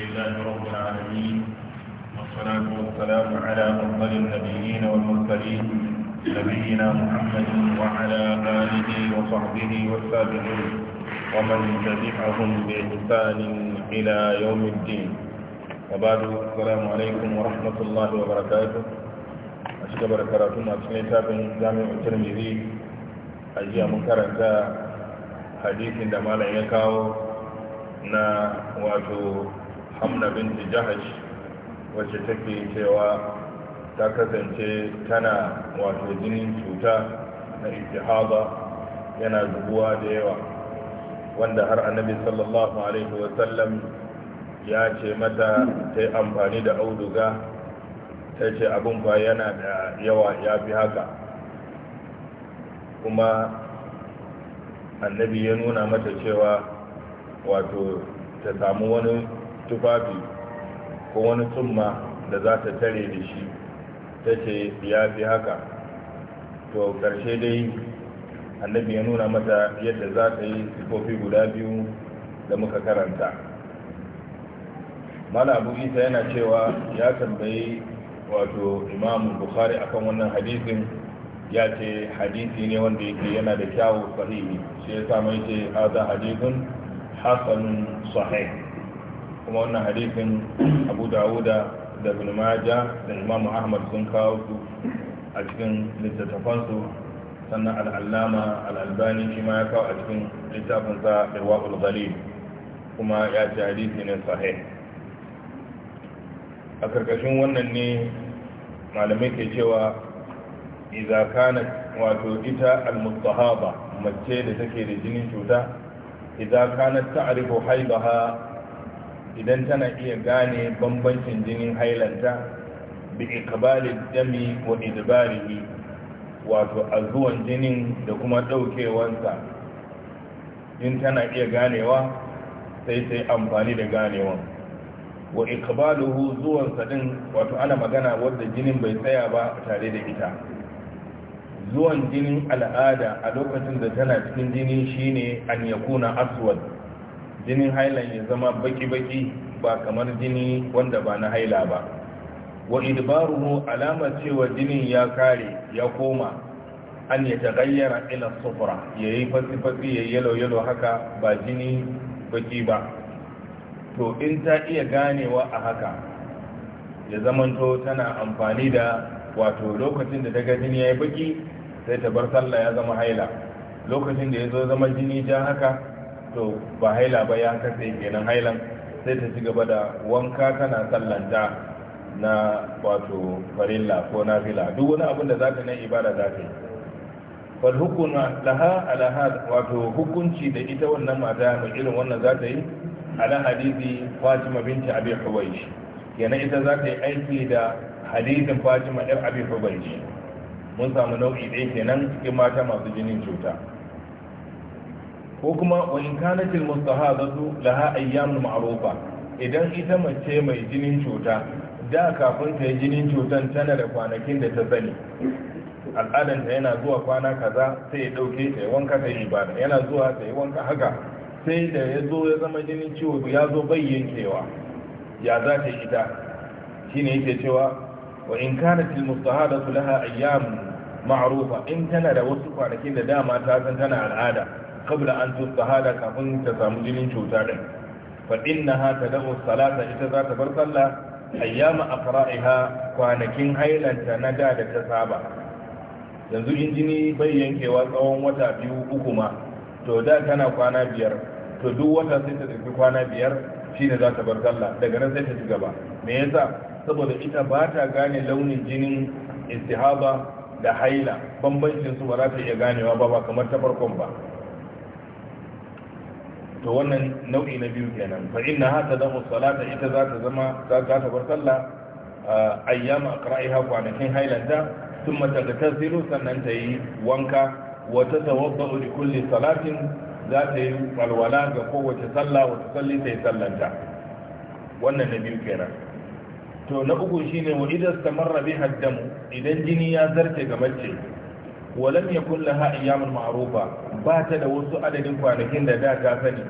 لله رب العالمين والصلاة والسلام على أفضل النبيين والمرسلين نبينا محمد وعلى آله وصحبه والسابقين ومن تبعهم بإحسان إلى يوم الدين وبعد السلام عليكم ورحمة الله وبركاته أشكر بركاتكم أشكر جامع الترمذي أجي مكرتا حديث دمال malam na watu hamna binti jahaj wacce take cewa ta kasance tana wato jinin cuta na ittihada yana zubuwa da yawa wanda har annabi sallallahu alaihi wasallam ya ce mata ta yi amfani da auduga ta ce abin ba yana da yawa ya fi haka kuma annabi ya nuna mata cewa wato ta samu wani tufafi ko wani tsumma da za ta tare da shi ta ce ya fi haka to ƙarshe dai annabi ya nuna mata yadda za ta yi sifofi guda biyu da muka karanta mana abu isa yana cewa ya tambayi wato imamu bukhari akan wannan hadisin ya ce hadisi ne wanda yake yana da kyawu sahihi shi ya samu mai ce haza hadisun hasanun sahihi kuma wannan hadisin abu dawuda da ibn majah da imamu ahmad sun kawo su a cikin littattafansu sannan al'allama al'albani shi ma ya kawo a cikin sa irwaƙul ghalib kuma ya ce hadisi ne sahih a karkashin wannan ne malamai ke cewa iza kana wato ita al-mustahaba mace da take da jinin cuta iza kana ta'rifu haibaha idan tana iya gane bambancin jinin hailanta bi ikbalid dami wa idbarihi wato azuwan jinin da kuma daukewansa in tana iya ganewa sai sai amfani da ganewan wa ikbaluhu zuwansa din wato ana magana wadda jinin bai tsaya ba tare da ita zuwan jinin al'ada a lokacin da tana cikin jini shine an yakuna aswad jinin hailan ya zama baki-baki ba kamar jini wanda ba na haila ba wa idbaruhu alamar cewa jinin ya kare ya koma an ya tagayyara ila sufura ya yi fasi-fasi ya yalo-yalo haka ba jini baki ba to in ta iya ganewa a haka ya zamanto tana amfani da wato lokacin da daga jini ya yi baki sai ta bar sallah ya zama haila lokacin da ya zo zama jini ja haka to ba haila ba ya katse kenan hailan sai ta ci gaba da wanka tana sallanta na wato farilla ko fila duk wani abin da za ta ibada za ta yi wal hukuna laha ala wato hukunci da ita wannan mata mai irin wannan za ta yi ala hadisi Fatima binti Abi Huwaysh kenan ita za ta yi aiki da hadisin Fatima ɗan Abi Huwaysh mun samu nau'i ɗaya kenan cikin mata masu jinin cuta ko kuma wa in kanat mustahadatu laha ayyamun ma'rufa idan ita mace mai jinin cuta da kafin ta yi jinin cutan tana da kwanakin da ta sani ta yana zuwa kwana kaza sai ya dauke ta wanka ta yi ibada yana zuwa ta yi wanka haka sai da ya zo ya zama jinin ciwo ya zo bai yankewa ya za ta ita shine yake cewa wa in kana til mustahadatu laha ayyamun ma'rufa in tana da wasu kwanakin da dama ta san tana al'ada kabla an hada kafin ta samu jinin cuta din fa innaha tad'u salata ita za ta bar sallah ayyama aqra'iha kwanakin hailanta na da da ta saba yanzu in jini bai yankewa tsawon wata biyu uku ma to da tana kwana biyar to duk wata sai ta tafi kwana biyar shine za ta bar sallah daga nan sai ta ci gaba me yasa saboda ita ba ta gane launin jinin istihaba da haila bambancin su ba za ta iya ganewa ba ba kamar ta farkon ba to wannan nau'i na biyu kenan fa inna hata da salata ita za ta zama za ta bar sallah ayyama aqra'iha kwanakin hailanta thumma tagtasilu sannan ta yi wanka wa tatawadda li kulli salatin za ta yi walwala ga kowace sallah wa tusalli ta yi sallanta wannan na biyu kenan to na uku shine wa idan stamarra biha damu idan jini ya zarce ga mace walam yakun laha ayyamul ma'rufa ba ta da wasu adadin kwanakin da da ta sani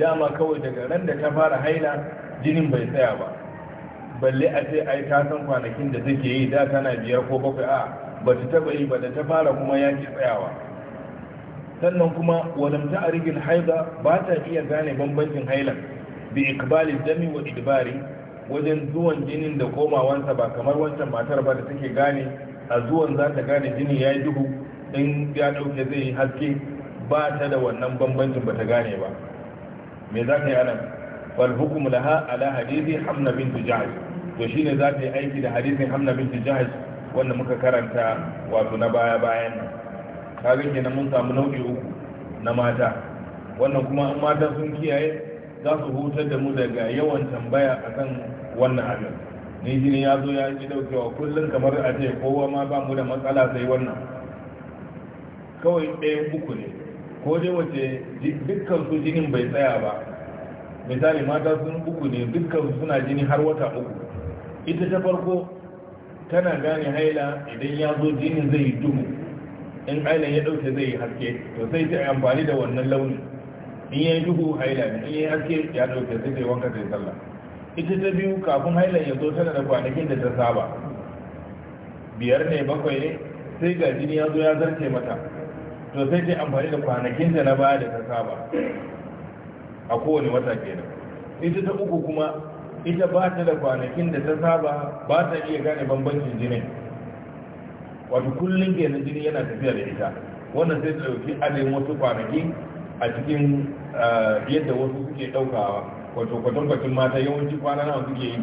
dama kawai daga ran da ta fara haila jinin bai tsaya ba balle a sai ai ta san kwanakin da take yi da tana biyar ko bakwai a ba ta taba yi ba da ta fara kuma ya ki tsayawa sannan kuma walam ta arigil haida ba ta iya gane bambancin hailan bi ikbali dami wa idbari wajen zuwan jinin da komawansa ba kamar wancan matar ba da take gane a zuwan za ta gane jini ya yi duhu in ya ɗauke zai yi haske ba ta da wannan bambancin ba ta gane ba me za ka yi anan wal hukum laha ala hadisi hamna bin jahaj to shine za ta yi aiki da hadisin hamna bin jahaj wanda muka karanta wato na baya bayan nan ga kenan mun samu nau'i uku na mata wannan kuma an mata sun kiyaye za su hutar da mu daga yawan tambaya akan wannan abin ni jini ya zo ya ji daukewa kullum kamar a ce kowa ma ba mu da matsala sai wannan kawai ɗayan uku ne ko dai wace dukkan su jinin bai tsaya ba misali mata sun uku ne dukkan su suna jini har wata uku ita ta farko tana gane haila idan ya zo jinin zai yi duhu in hailan ya ɗauke zai yi haske to sai ta amfani da wannan launi in ya yi duhu haila ne in ya yi haske ya ɗauke sai ta yi wanka ta yi sallah ita ta biyu kafin haila ya zo tana da kwanakin da ta saba biyar ne bakwai ne sai ga jini ya zo ya zarce mata to sai ce amfani da kwanakin da na baya da ta saba a kowane wata kenan ita ta uku kuma ita ba ta da kwanakin da ta saba ba ta iya gane bambancin jinin wato kullum kenan jini yana tafiya da ita wannan sai ta dauki adin wasu kwanaki a cikin eh, yadda wasu suke daukawa wato kwatankwacin mata yawanci kwana nawa suke yi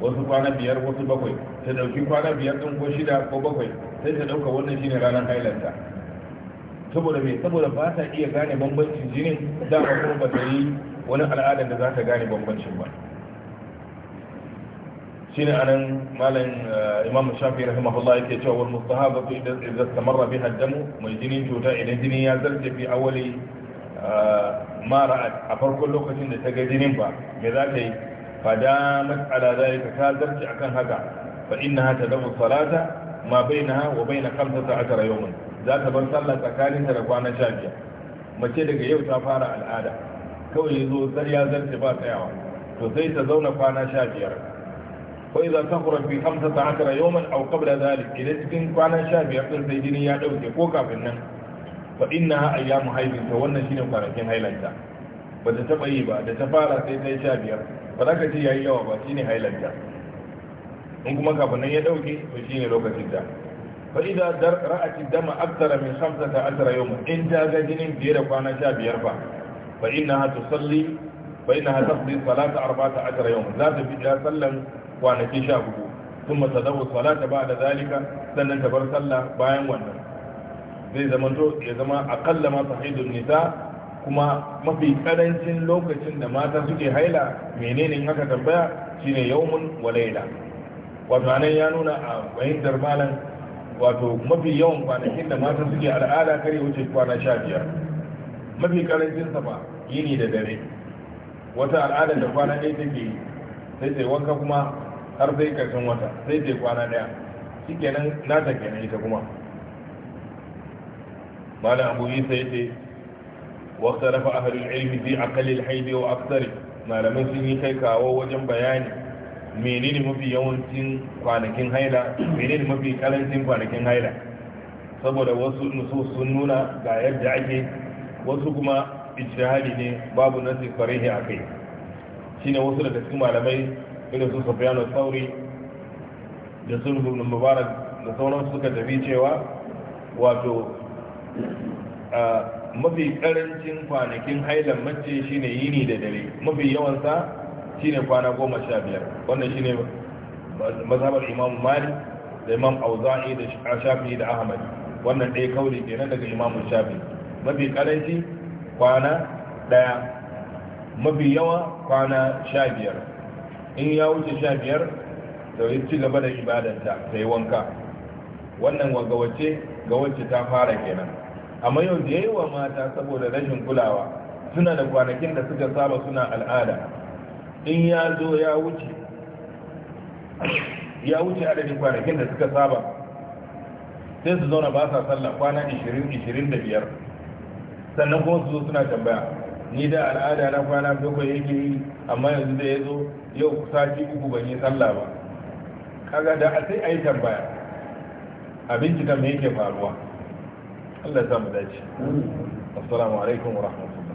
wasu kwana biyar wasu bakwai ta dauki kwana biyar ɗin ko shida ko bakwai sai ta dauka wannan shine ranar hailanta saboda mai saboda ba ta iya gane bambancin jinin dama kuma ba ta yi wani al'adar da za ta gane bambancin ba shine anan malam eh, imam shafi rahimahullah yake cewa wal mustahabatu idza istamarra biha damu mai jinin cuta idan jini ya zarce fi awali eh, ma ra'at a farkon lokacin da ta ga jinin ba me za ta yi fa da mas'ala zalika ta zarce akan haka fa innaha tadamu salata ma bainaha wa bain khamsata ashara yawman za ta bar sallah tsakaninta da kwana sha biyar mace daga yau ta fara al'ada kawai ya zo ya zarce ba tsayawa to sai ta zauna kwana sha biyar ko idan ta kura fi hamsa ta akara man au qabla zalik idan cikin kwana sha biyar din sai jini ya ɗauke ko kafin nan fa inna mu haifin to wannan shine kwanakin hailanta ba ta taɓa yi ba da ta fara sai ta yi sha biyar ba za ka ce yayi yawa ba shine hailanta in kuma kafin nan ya ɗauke, to shine lokacin ta fa da ra'ati dama akthara min 15 yawma in ta ga jinin fiye da kwana sha biyar 15 fa fa innaha tusalli fa innaha taqdi salata 14 yawma za ta bi da sallan kwanaki hudu. kuma ta dawo salata ba da zalika sannan ta bar sallah bayan wannan zai zama to ya zama akalla ma sahidun nisa kuma mafi karancin lokacin da mata suke haila menene in haka tambaya shine yawmun wa laila wato anan ya nuna a fahimtar malam wato mafi yawan kwanakin da mata suke al'ada kare wuce kwana sha biyar mafi karancin sa ba yini da dare wata al'ada da kwana ɗaya take yi sai sai wanka kuma har sai karshen wata sai sai kwana ɗaya na nata kenan ita kuma malam abu isa yace واختلف أهل العلم في wa aksari malamai sun yi kai kawo wajen bayani. menene mafi yawancin kwanakin haila menene mafi karancin kwanakin haila saboda wasu nusu sun nuna ga yadda ake wasu kuma ijtihadi ne babu nasi farihi akai shine wasu daga cikin malamai irin su Sufyan al-Thawri da sun ibn Mubarak da sauran suka tafi cewa wato mafi karancin kwanakin haila mace shine yini da dare mafi yawansa shine kwana goma sha biyar wannan shine mazhabar imam malik da imam auza'i da shafi da ahmad wannan ɗaya kauli kenan daga imam shafi mafi karanci kwana ɗaya mafi yawa kwana sha biyar in ya wuce sha biyar da ya ci gaba da ibadanta ta yi wanka wannan ga wacce ga wacce ta fara kenan amma yau da yi wa mata saboda rashin kulawa suna da kwanakin da suka saba suna al'ada in ya zo ya wuce ya wuce adadin kwanakin da suka saba sai su zauna ba sa sallah kwana 20-25 sannan kuma su zo suna tambaya ni da al'ada na kwana doko ya yi amma yanzu da ya zo yau sati uku ban yi tsalla ba kaga da a sai a yi tambaya abinci kan mai yake faruwa Allah ya samu dace assalamu alaikum wa rahmatullahi